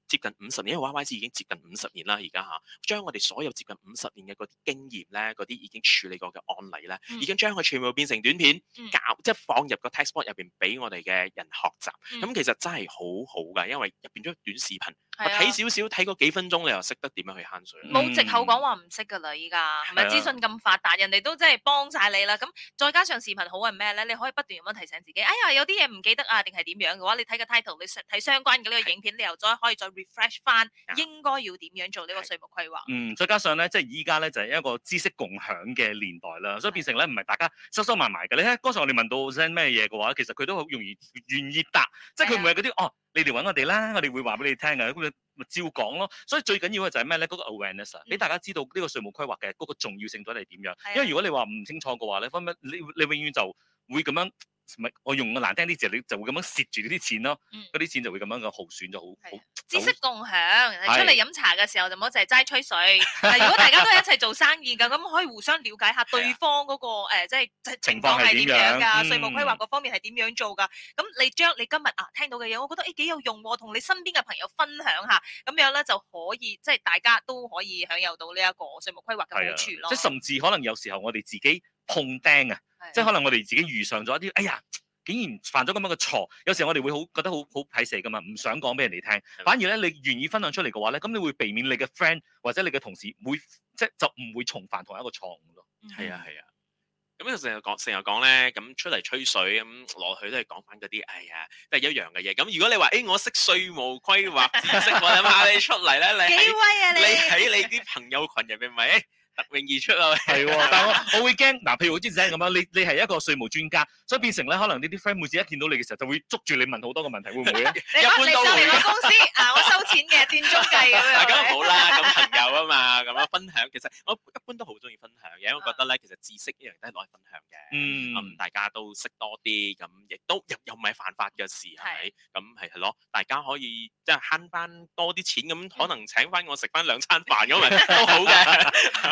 接近五十年，因為 YYC 已經接近五十年啦，而家嚇，將我哋所有接近五十年嘅嗰啲經驗咧，嗰啲已經處理過嘅案例咧，嗯、已經將佢全部變成短片，教、嗯、即係放入個 textbook 入邊俾我哋嘅人學習。咁、嗯嗯、其實真係好好噶，因為入邊咗短視頻。睇少少，睇個幾分鐘，你又識得點樣去慳水，冇藉口講話唔識噶啦，依家，係咪資訊咁發達，人哋都真係幫晒你啦。咁再加上視頻好係咩咧？你可以不斷咁樣提醒自己。哎呀，有啲嘢唔記得啊，定係點樣嘅話，你睇個 title，你睇相關嘅呢個影片，你又再可以再 refresh 翻應該要點樣做呢個稅務規劃。嗯，再加上咧，即係依家咧就係一個知識共享嘅年代啦，所以變成咧唔係大家收收埋埋嘅。你睇剛才我哋問到 send 咩嘢嘅話，其實佢都好容易願意答，即係佢唔係嗰啲哦。你哋揾我哋啦，我哋會話俾你聽嘅，咁咪照講咯。所以最緊要嘅就係咩咧？嗰、嗰個 awareness 啊、嗯，俾大家知道呢個稅務規劃嘅嗰個重要性到底係點樣。嗯、因為如果你話唔清楚嘅話咧，分分你你永遠就會咁樣。唔，我用個難聽啲字，你就會咁樣蝕住嗰啲錢咯。嗰啲錢就會咁樣個耗損咗，好好。知識共享，出嚟飲茶嘅時候就唔好淨係齋吹水。如果大家都係一齊做生意㗎，咁可以互相了解下對方嗰個誒即係情況係點樣㗎？稅務規劃嗰方面係點樣做㗎？咁你將你今日啊聽到嘅嘢，我覺得誒幾有用喎，同你身邊嘅朋友分享下，咁樣咧就可以即係大家都可以享有到呢一個稅務規劃嘅好處咯。即係甚至可能有時候我哋自己。碰釘啊！即係可能我哋自己遇上咗一啲，哎呀，竟然犯咗咁樣嘅錯。有時候我哋會好覺得好好睇死㗎嘛，唔想講俾人哋聽。反而咧，你願意分享出嚟嘅話咧，咁你會避免你嘅 friend 或者你嘅同事會即係就唔會重犯同一個錯誤咯。係啊係啊。咁、啊、就成日講成日講咧，咁出嚟吹水咁落去都係講翻嗰啲，哎呀，都係一樣嘅嘢。咁如果你話，誒、哎、我識稅務規劃知識，我咪嗌 <laughs> 你出嚟啦，你幾威啊你？你喺你啲朋友群入邊咪？脫穎而出啊！係 <laughs> <laughs> 但係我我會驚嗱，譬如好似仔咁樣，你你係一個稅務專家，所以變成咧，可能呢啲 friend 每次一見到你嘅時候，就會捉住你問好多個問題，會唔會咧？ <laughs> 你說一般都會。 <laughs> 公司啊， <laughs> 我收錢嘅，點鐘計咁樣。嗱，咁啊啦，咁朋友啊嘛，咁 <laughs> 樣分享，其實我一般都好我覺得咧，其實知識一樣都係攞去分享嘅，咁大家都識多啲，咁亦都又又唔係犯法嘅事，係咪？咁係係咯，大家可以即係慳翻多啲錢，咁可能請翻我食翻兩餐飯咁咪都好嘅。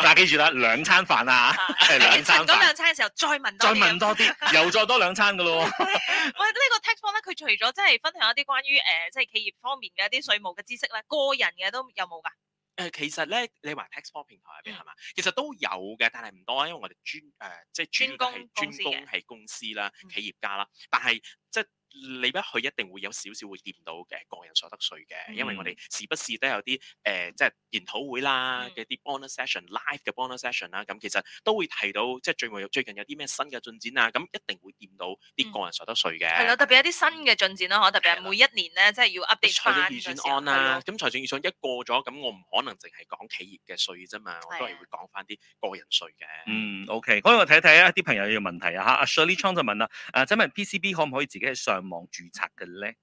嗱，記住啦，兩餐飯啊，係兩餐飯。食兩餐嘅時候，再問多，再問多啲，又再多兩餐噶咯。喂，呢個 textbook 咧，佢除咗即係分享一啲關於誒，即係企業方面嘅一啲稅務嘅知識咧，個人嘅都有冇㗎？誒，其實咧，你話 taxpo 平台入邊係嘛？嗯、其實都有嘅，但係唔多啦，因為我哋專誒、呃、即係專係專攻工係公司啦、嗯、企業家啦，但係即係。你不去一定會有少少會掂到嘅個人所得稅嘅，因為我哋時不時都有啲誒、呃，即係研討會啦嘅啲 bonus session live 嘅 bonus session 啦，咁其實都會提到即係最近有最近有啲咩新嘅進展啊，咁一定會掂到啲個人所得稅嘅。係啦，特別有啲新嘅進展咯，嗬，特別係每一年咧，即係要 update 翻嘅時候，財政預算案啊。咁財政預算一過咗，咁我唔可能淨係講企業嘅稅啫嘛，我都係會講翻啲個人稅嘅。嗯，嗯，嗯，OK，咁我睇睇啊，啲朋友有問題啊嚇，阿 Shirley Chong 就問啦，誒、啊，請問 PCB 可唔可以自己喺上網註冊嘅咧，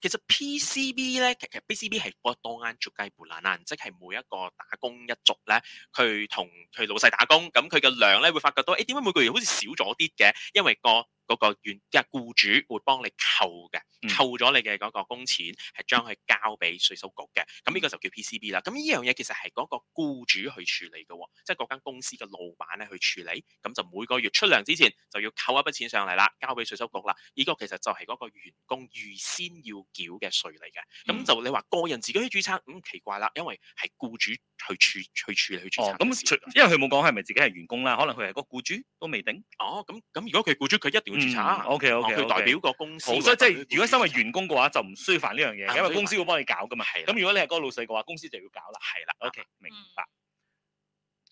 其實 PCB 咧，其實 PCB 係個當間捉雞撥爛爛，即係每一個打工一族咧，佢同佢老細打工，咁佢嘅糧咧會發覺到，誒點解每個月好似少咗啲嘅？因為個嗰個員即係僱主會幫你扣嘅，扣咗你嘅嗰個工錢，係將佢交俾稅收局嘅。咁呢個就叫 PCB 啦。咁呢樣嘢其實係嗰個僱主去處理嘅，即係嗰間公司嘅老闆咧去處理。咁就每個月出糧之前就要扣一筆錢上嚟啦，交俾稅收局啦。呢個其實就係嗰個員工預先要繳嘅稅嚟嘅。咁就你話個人自己去註冊，嗯奇怪啦，因為係僱主去處去處理去註冊。哦，咁因為佢冇講係咪自己係員工啦，可能佢係個僱主都未定。哦，咁咁如果佢僱主，佢一定要。註 OK OK，佢代表個公司，所以即係如果身為員工嘅話，就唔需要煩呢樣嘢，因為公司會幫你搞噶嘛。咁如果你係嗰個老細嘅話，公司就要搞啦，係啦，OK，明白。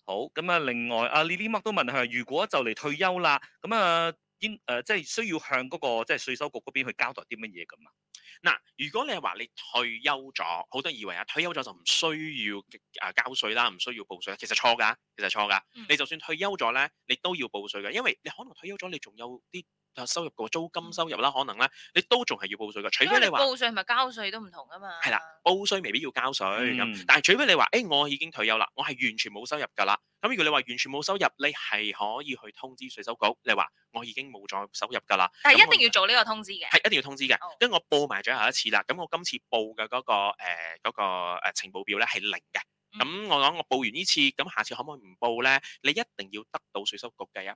好，咁啊，另外阿 Lily Mark 都問佢，如果就嚟退休啦，咁啊。應、呃、即係需要向嗰、嗰個即係稅收局嗰邊去交代啲乜嘢咁啊？嗱，如果你係話你退休咗，好多人以為啊退休咗就唔需要誒交稅啦，唔需要報稅，其實錯㗎，其實錯㗎。嗯、你就算退休咗咧，你都要報稅㗎，因為你可能退休咗，你仲有啲。收入個租金收入啦，可能咧，你都仲係要報稅噶。除非你話報稅同埋交稅都唔同啊嘛。係啦，報稅未必要交稅咁，嗯、但係除非你話，誒、欸，我已經退休啦，我係完全冇收入噶啦。咁如果你話完全冇收入，你係可以去通知稅收局，你話我已經冇再收入噶啦。但係一定要做呢個通知嘅。係一定要通知嘅。跟住、oh. 我報埋最後一次啦。咁我今次報嘅嗰、嗰個誒嗰、呃嗰個、情報表咧係零嘅。咁、嗯、我講我報完呢次，咁下次可唔可以唔報咧？你一定要得到稅收局嘅一半誒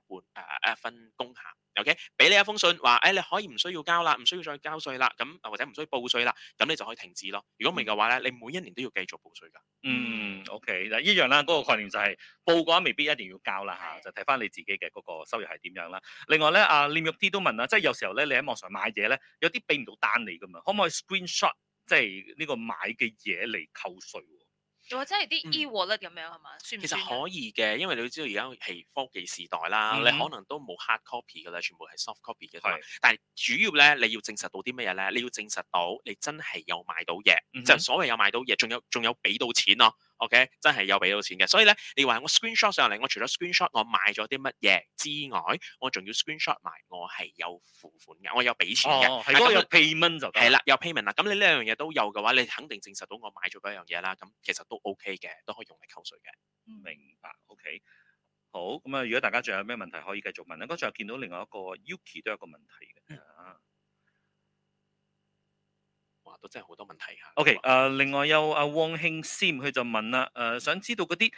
誒份公函，OK，俾你一封信，話誒、哎、你可以唔需要交啦，唔需要再交稅啦，咁或者唔需要報稅啦，咁你就可以停止咯。如果唔係嘅話咧，你每一年都要繼續報稅噶。嗯，OK 嗱，一樣啦，嗰、那個概念就係、是、報嘅話，未必一定要交啦吓、嗯啊，就睇翻你自己嘅嗰個收入係點樣啦。另外咧，阿、啊、念玉啲都問啦，即、就、係、是、有時候咧，你喺網上買嘢咧，有啲俾唔到單你噶嘛，可唔可以 Screenshot 即係呢個買嘅嘢嚟扣稅？又或者係啲 e-wallet 咁樣係嘛，算、嗯、嗎其實可以嘅，因為你知道而家係科技時代啦，嗯、你可能都冇 hard copy 嘅啦，全部係 soft copy 嘅。是但係主要咧，你要證實到啲乜嘢咧？你要證實到你真係有買到嘢，嗯、哼就所謂有買到嘢，仲有仲有俾到錢咯、啊。OK? 真係有俾到錢嘅，所以咧，你話我 Screenshot 上嚟，我除咗 Screenshot，我買咗啲乜嘢之外，我仲要 Screenshot 埋我係有付款嘅，我有俾錢嘅，係嗰個 payment 就係啦，有 payment 啦，咁你呢兩樣嘢都有嘅話，你肯定證實到我買咗嗰樣嘢啦，咁其實都 OK 嘅，都可以用嚟扣稅嘅，明白 OK？好，咁啊，如果大家仲有咩問題可以繼續問啦，我仲見到另外一個 Yuki 都有個問題嘅。嗯都真係好多問題吓。OK，誒、啊、另外有阿汪興先，佢就問啦，誒、呃、想知道嗰啲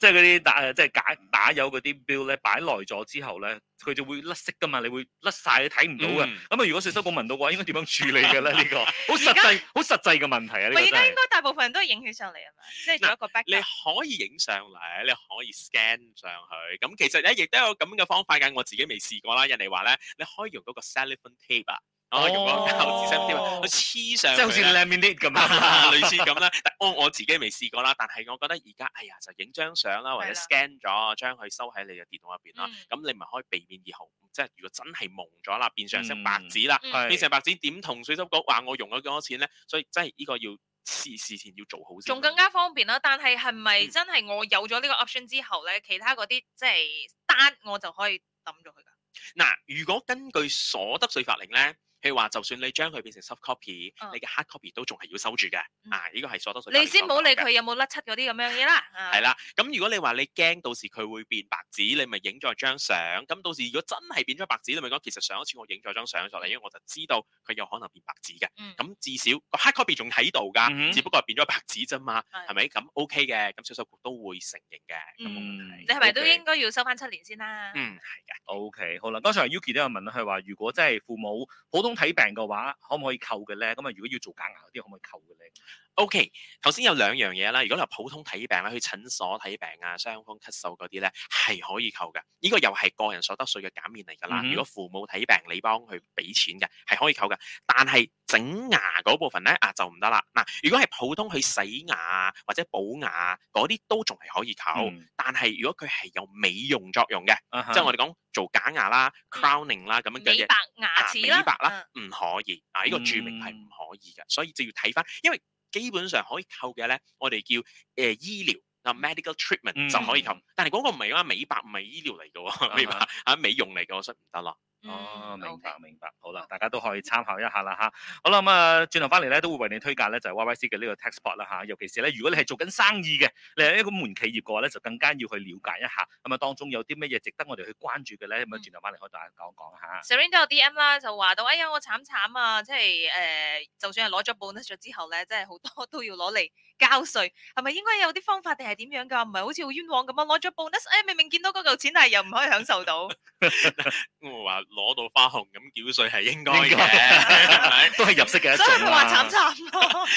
即係嗰啲打，即係假打有嗰啲 bill 咧擺耐咗之後咧，佢就會甩色㗎嘛，你會甩晒，你睇唔到嘅。咁啊，如果稅收局問到嘅話， <laughs> 應該點樣處理嘅咧？呢、這個好實際，好在實際嘅問題咧、啊。唔係在，而家應該大部分人都係影起上嚟啊嘛，即、就、係、是、做一個 backup。你可以影上嚟，你可以 scan 上，上去。咁其實咧，亦都有咁嘅方法嘅。我自己未試過啦，人哋話咧，你可以用嗰個 cellophane tape。我黐上，即係似 laminate 咁啦，類似咁啦。但我我自己未試過啦，但係我覺得而家，哎呀，就影張相啦，或者 scan 咗，將佢收喺你嘅電腦入邊啦。咁你咪可以避免以後，即係如果真係蒙咗啦，變成一張白紙啦，變成白紙，點同稅收局話我用咗幾多錢咧？所以真係呢個要事事前要做好先。仲更加方便啦，但係係咪真係我有咗呢個 option 之後咧，其他嗰啲即係單我就可以抌咗佢噶？嗱，如果根據所得稅法令咧。譬如話，就算你將佢變成 soft copy，你嘅 hard copy 都仲係要收住嘅。啊，呢個係數多數。你先冇理佢有冇甩漆嗰啲咁樣嘢啦。係啦，咁如果你話你驚到時佢會變白紙，你咪影咗張相。咁到時如果真係變咗白紙，你咪講其實上一次我影咗張相上嚟，因為我就知道佢有可能變白紙嘅。咁至少 hard copy 仲喺度㗎，只不過變咗白紙啫嘛。係咪？咁 OK 嘅，咁消受局都會承認嘅。咁問題你係咪都應該要收翻七年先啦？嗯，係嘅。OK，好啦，剛才 Yuki 都有問佢話如果真係父母普通，睇病嘅話，可唔可以扣嘅咧？咁啊，如果要做假牙嗰啲，可唔可以扣嘅咧？O.K. 頭先有兩樣嘢啦，如果你話普通睇病啦，去診所睇病啊、傷風咳嗽嗰啲咧，係可以扣嘅。呢、這個又係個人所得稅嘅減免嚟㗎啦。嗯、如果父母睇病你幫佢俾錢嘅，係可以扣嘅。但係整牙嗰部分咧啊，就唔得啦。嗱、啊，如果係普通去洗牙或者補牙嗰啲都仲係可以扣，嗯、但係如果佢係有美容作用嘅，啊、即係我哋講做假牙啦、嗯、crowning 啦咁樣嘅嘢，美白牙齒啦、啊、美白啦，唔、啊啊、可以。啊，呢、這個註明係唔可以嘅，所以就要睇翻，因為。因為基本上可以扣嘅咧，我哋叫誒、呃、醫療啊，medical treatment、嗯、就可以扣。但係嗰個唔係啊，美白唔係醫療嚟㗎喎，美白啊，美容嚟嘅，我真唔得啦。哦，明白明白，嗯、好啦，好大家都可以參考一下啦嚇。嗯、好啦吧，咁啊、嗯，轉頭翻嚟咧，都會為你推介咧，就 Y Y C 嘅呢個 Tax Pot 啦嚇。尤其是咧，如果你係做緊生意嘅，你係一個門企業嘅話咧，就更加要去了解一下。咁啊，當中有啲乜嘢值得我哋去關注嘅咧？咁啊、嗯，轉頭翻嚟可以大家講講嚇。Serina 都有 D M 啦，就話到，哎呀，我慘慘啊！即係誒、呃，就算係攞咗 bonus 咗之後咧，即係好多都要攞嚟交稅，係咪應該有啲方法定係點樣㗎？唔係好似好冤枉咁樣！攞咗 bonus，哎、明明見到嗰嚿錢，但係又唔可以享受到。我 <laughs> <laughs> 攞到花紅咁繳稅係應該嘅，都係入息嘅，所以佢話慘慘。 <laughs>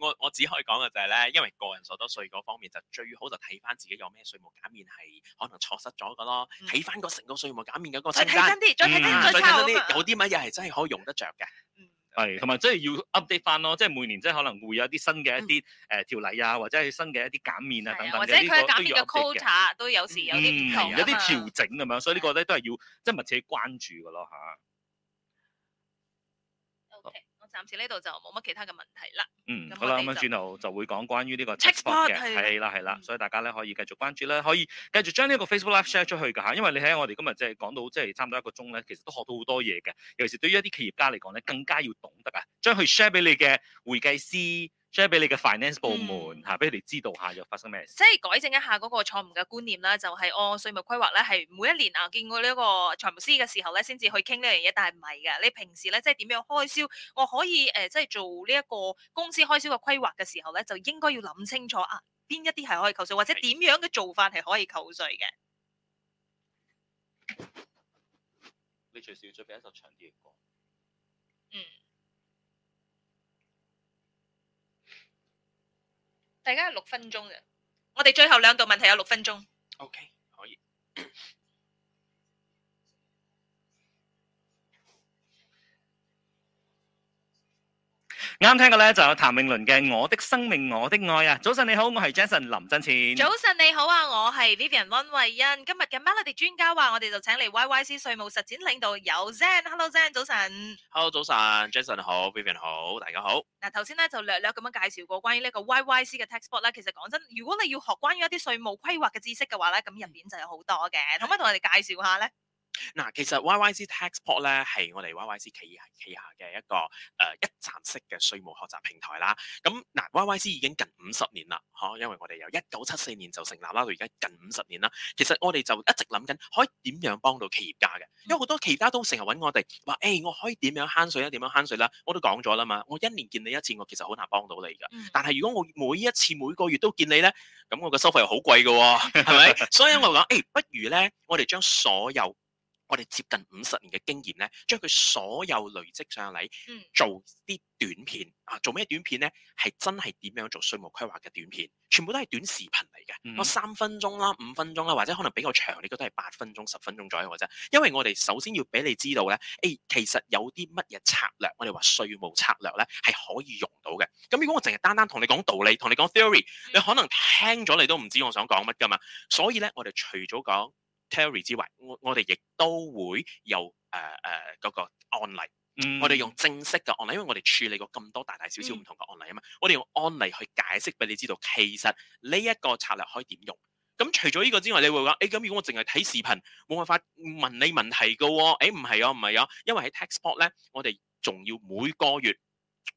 我我只可以講嘅就係、是、咧，因為個人所得稅嗰方面就最好就睇翻自己有咩稅務減免係可能錯失咗嘅咯，睇翻、嗯、個成個稅務減免嘅一個，睇真啲，再睇真啲，再睇啲，有啲乜嘢係真係可以用得着嘅。係，同埋即係要 update 翻咯，即係每年即係可能會有一啲新嘅一啲誒、嗯呃、條例啊，或者係新嘅一啲減免啊等等嘅，或者佢減免嘅 quota 都有時有啲唔同、嗯啊、 <laughs> 有啲調整咁樣，所以個呢個咧都係要即係、就是、密切關注嘅咯嚇。啊。暫時呢度就冇乜其他嘅問題啦。嗯，好啦了，咁樣轉頭就會講關於呢個 c h 嘅，係啦係啦，嗯、所以大家咧可以繼續關注啦，可以繼續將呢一個 Facebook Live share 出去㗎嚇，因為你喺我哋今日即係講到即係差唔多一個鐘咧，其實都學到好多嘢嘅，尤其是對於一啲企業家嚟講咧，更加要懂得啊，將佢 share 俾你嘅，會計師。將俾你嘅 finance 部門吓，俾佢哋知道下又發生咩事，即係改正一下嗰個錯誤嘅觀念啦。就係、是、哦，稅務規劃咧係每一年啊，見過呢一個財務司嘅時候咧，先至去傾呢樣嘢，但係唔係嘅。你平時咧即係點樣開銷，我可以誒、呃、即係做呢一個公司開銷嘅規劃嘅時候咧，就應該要諗清楚啊，邊一啲係可以扣稅，或者點樣嘅做法係可以扣稅嘅。你隨時要準備一首長啲嘅歌。嗯。大家六分鐘嘅，我哋最後兩道問題有六分鐘。OK。啱聽嘅咧，就有譚詠麟嘅《我的生命我的愛》啊！早晨你好，我係 Jason 林振前。早晨你好啊，我係 Vivian 溫慧欣。今日嘅 Melody 專家話，我哋就請嚟 YYC 稅務實踐領導有 Zen，Hello Zen，早晨。Hello 早晨，Jason 好，Vivian 好，大家好。嗱頭先咧就略略咁樣介紹過關於呢個 YYC 嘅 textbook 咧，其實講真，如果你要學關於一啲稅務規劃嘅知識嘅話咧，咁入面就有好多嘅， <laughs> 可唔可以同我哋介紹下咧？嗱，其實 Y Y C Taxport 咧，係我哋 Y Y C 旗下旗下嘅一個誒、呃、一站式嘅稅務學習平台啦。咁嗱，Y Y C 已經近五十年啦，吓，因為我哋由一九七四年就成立啦，到而家近五十年啦。其實我哋就一直諗緊，可以點樣幫到企業家嘅？因為好多其他都成日搵我哋，話誒、欸，我可以點樣慳稅咧？點樣慳稅啦？我都講咗啦嘛，我一年見你一次，我其實好難幫到你噶。但係如果我每一次每個月都見你咧，咁我嘅收費又好貴噶，係咪？ <laughs> 所以我講，誒、欸，不如咧，我哋將所有我哋接近五十年嘅經驗咧，將佢所有累積上嚟，做啲短片啊，做咩短片咧？係真係點樣做稅務規劃嘅短片，全部都係短視頻嚟嘅，我三、嗯、分鐘啦、五分鐘啦，或者可能比較長，你覺得係八分鐘、十分鐘左右嘅啫。因為我哋首先要俾你知道咧，誒、哎，其實有啲乜嘢策略，我哋話稅務策略咧係可以用到嘅。咁如果我成日淨係單單同你講道理、同你講 theory、嗯、你可能聽咗你都唔知我想講乜噶嘛。所以咧，我哋除咗講 Terry 之外，我我哋亦都會有誒誒嗰個案例，嗯、我哋用正式嘅案例，因為我哋處理過咁多大大小小唔同嘅案例啊嘛，嗯、我哋用案例去解釋俾你知道，其實呢一個策略可以點用。咁除咗呢個之外，你會話，誒、哎、咁如果我淨係睇視頻，冇辦法問你問題嘅喎，誒、唔係啊，唔係啊，因為喺 TaxPod 咧，我哋仲要每個月。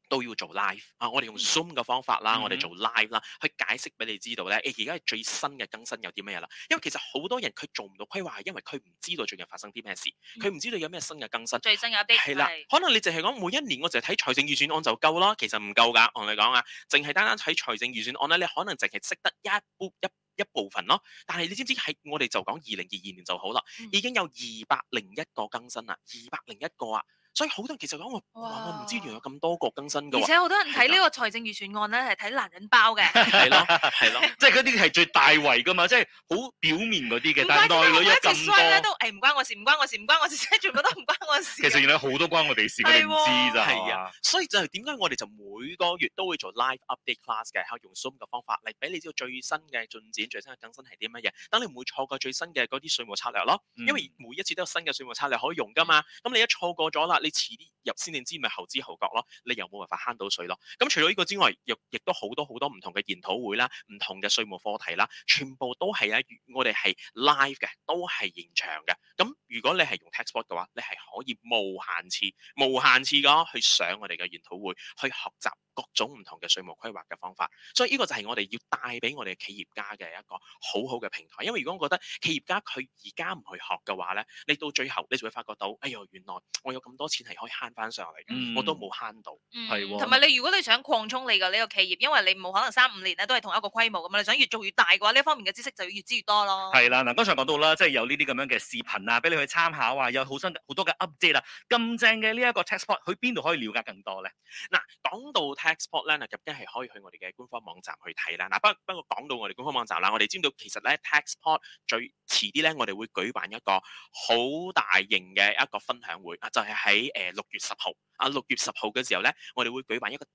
都要做 live 啊！我哋用 zoom 嘅方法啦，嗯、我哋做 live 啦，去解釋俾你知道咧。誒，而家係最新嘅更新有啲咩嘢啦？因為其實好多人佢做唔到規劃，係因為佢唔知道最近發生啲咩事，佢唔、嗯、知道有咩新嘅更新。最新有啲係啦，可能你淨係講每一年，我淨係睇財政預算案就夠咯。其實唔夠噶，我同你講啊，淨係單單睇財政預算案咧，你可能淨係識得一部一一部分咯。但係你知唔知係我哋就講二零二二年就好啦，嗯、已經有二百零一個更新啊，二百零一個啊。所以好多人其實講，我哇，唔知原來有咁多個更新噶。而且好多人睇呢個財政預算案咧，係睇男人包嘅，係咯係咯，即係嗰啲係最大圍噶嘛，即係好表面嗰啲嘅，怪怪，但係內裏有衰多呢都唔、哎、關我事，唔關我事，唔關我事，即係全部都唔關我事、啊。其實原來好多關我哋事、 <laughs> 哦、我哋唔知咋嘛，所以就係點解我哋就每個月都會做 live update class 嘅，用 Zoom 嘅方法嚟俾你知道最新嘅進展、最新嘅更新係啲乜嘢，等你唔會錯過最新嘅嗰啲稅務策略咯，因為每一次都有新嘅稅，稅務策略可以用噶嘛，咁你一錯過咗啦，你遲啲入先至知咪後知後覺咯，你又冇辦法慳到稅咯。咁除咗呢個之外，又亦都好多好多唔同嘅研討會啦，唔同嘅稅務課題啦，全部都係喺我哋係 live 嘅，都係現場嘅。咁如果你係用 TaxPod 嘅話，你係可以無限次、無限次噉去上我哋嘅研討會，去學習。各種唔同嘅稅務規劃嘅方法，所以呢個就係我哋要帶俾我哋企業家嘅一個好好嘅平台。因為如果我覺得企業家佢而家唔去學嘅話咧，你到最後你就會發覺到，哎呦原來我有咁多錢係可以慳翻上嚟嘅，嗯，我都冇慳到，係喎。同埋你如果你想擴充你嘅呢個企業，因為你冇可能三五年咧都係同一個規模咁嘛。你想越做越大嘅話，呢方面嘅知識就要越知越多咯。係啦，嗱剛才講到啦，即係有呢啲咁樣嘅視頻啊，俾你去參考啊，有好新好多嘅 update 啦、啊，咁正嘅呢一個 taxport，佢邊度可以了解更多咧？嗱，講到。TaxPOD 咧，嗱，入家係可以去我哋嘅官方網站去睇啦。嗱，不不過講到我哋官方網站啦，我哋知道其實咧 TaxPOD 最遲啲咧，我哋會舉辦一個好大型嘅一個分享會啊，就係喺誒六月十號啊，六月十號嘅時候咧，我哋會舉辦一個。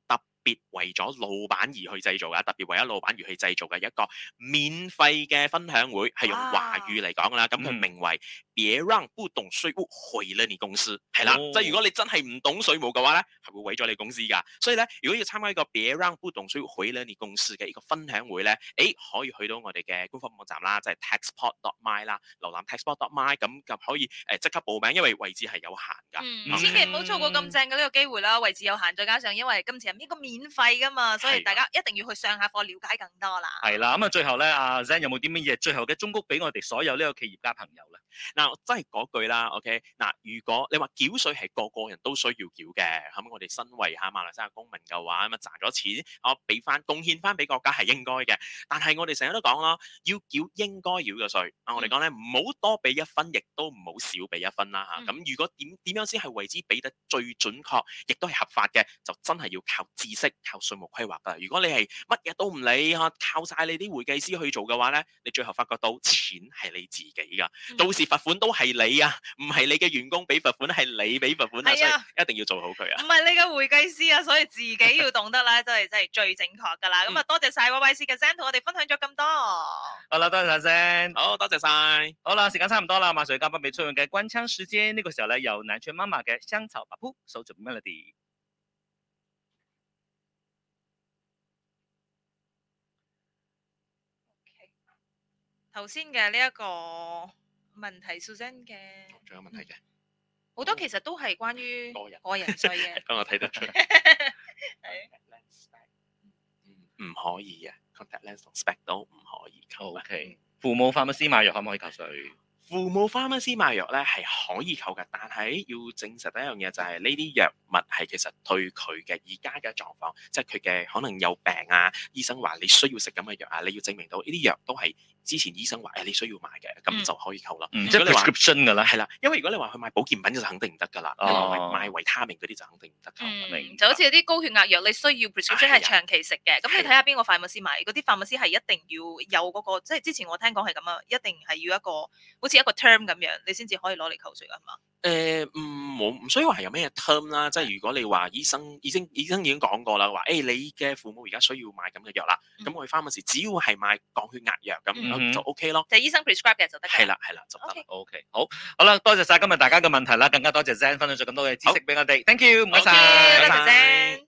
特別為咗老闆而去製造噶，特別為咗老闆而去製造嘅一個免費嘅分享會，係、啊、用華語嚟講噶啦。咁佢名為《別、啊、讓不懂稅務毀了你公司》，係啦，哦、即係如果你真係唔懂稅務嘅話咧，係會毀咗你公司噶。所以咧，如果要參加呢個《別讓不懂稅務毀了你公司》嘅一個分享會咧，誒、欸，可以去到我哋嘅官方網站啦，即、就、係、是、taxpod.my e 啦，瀏覽 taxpod.my，e 咁就可以誒即刻報名，因為位置係有限噶。千祈唔好錯過咁正嘅呢個機會啦，位置有限，再加上因為今次係呢個免費噶嘛，所以大家一定要去上下課，了解更多啦。係啦，咁啊，最後咧，阿、啊、Zen 有冇啲乜嘢？最後嘅忠告俾我哋所有呢個企業家朋友咧，嗱、啊，真係嗰句啦，OK，嗱、啊，如果你話繳稅係個個人都需要繳嘅，咁、嗯、我哋身為下馬來西亞公民嘅話，咁、嗯、啊賺咗錢，我俾翻，貢獻翻俾國家係應該嘅。但係我哋成日都講咯，要繳應該繳嘅稅。啊，我哋講咧，唔好多俾一分，亦都唔好少俾一分啦嚇。咁、啊啊嗯嗯、如果點點樣先係為之俾得最準確，亦都係合法嘅，就真係要靠知識。即靠稅務規劃噶，如果你係乜嘢都唔理，啊，靠晒你啲會計師去做嘅話咧，你最後發覺到錢係你自己噶，到時罰款都係你啊，唔係你嘅員工俾罰款，係你俾罰款，啊，啊，所以一定要做好佢啊。唔係你嘅會計師啊，所以自己要懂得咧，真係真係最正確噶啦。咁啊，嗯，多謝晒我哋 Zen 生同我哋分享咗咁多。好啦，多謝晒先，好多謝晒。好啦，時間差唔多啦，馬上交翻俾出用嘅關槍鼠間，呢，這個時候咧有南泉媽媽嘅香草花鋪，收住 Melody。頭先嘅呢一個問題，Susan 嘅，仲、嗯、有問題嘅，好、嗯、多其實都係關於個人稅嘅，咁 <laughs> 我睇得出嚟，唔 <laughs> <laughs> 可以嘅，contact lens spec 都唔可以扣。O Okay . K，父母 pharmacist 買藥可唔可以扣稅？父母 pharmacist 買藥咧係可以扣噶，但係要證實第一樣嘢就係呢啲藥物係其實對佢嘅而家嘅狀況，即係佢嘅可能有病啊，醫生話你需要食咁嘅藥啊，你要證明到呢啲藥都係。之前醫生話誒、哎、你需要買嘅，咁就可以扣啦。即係 prescription 㗎啦，係啦，因為如果你話去買保健品就肯定唔得㗎啦，哦、買維他命嗰啲就肯定唔得嘅。嗯、明白就好似啲高血壓藥，你需要 prescription 係、哎、呀長期食嘅。咁、哎、呀你睇下邊個化學師買，嗰啲化學師係一定要有嗰、那個，即係的之前我聽講係咁啊，一定係要一個好似一個 term 咁樣，你先至可以攞嚟扣稅啊嘛。誒，唔冇唔需要話有咩 term 啦，即係如果你話醫，醫，醫生已經醫生已經講過啦，話誒、欸、你嘅父母而家需要買咁嘅藥啦，咁、嗯、我哋翻嗰時只要係買降血壓藥咁就 OK 咯，嗯嗯就醫生 prescribe 嘅就得，係啦係啦就得，OK 好，好啦，多謝晒今日大家嘅問題啦，更加多謝 Zen 分享咗咁多嘅知識俾好我哋，Thank you，唔該曬，多謝 Zen。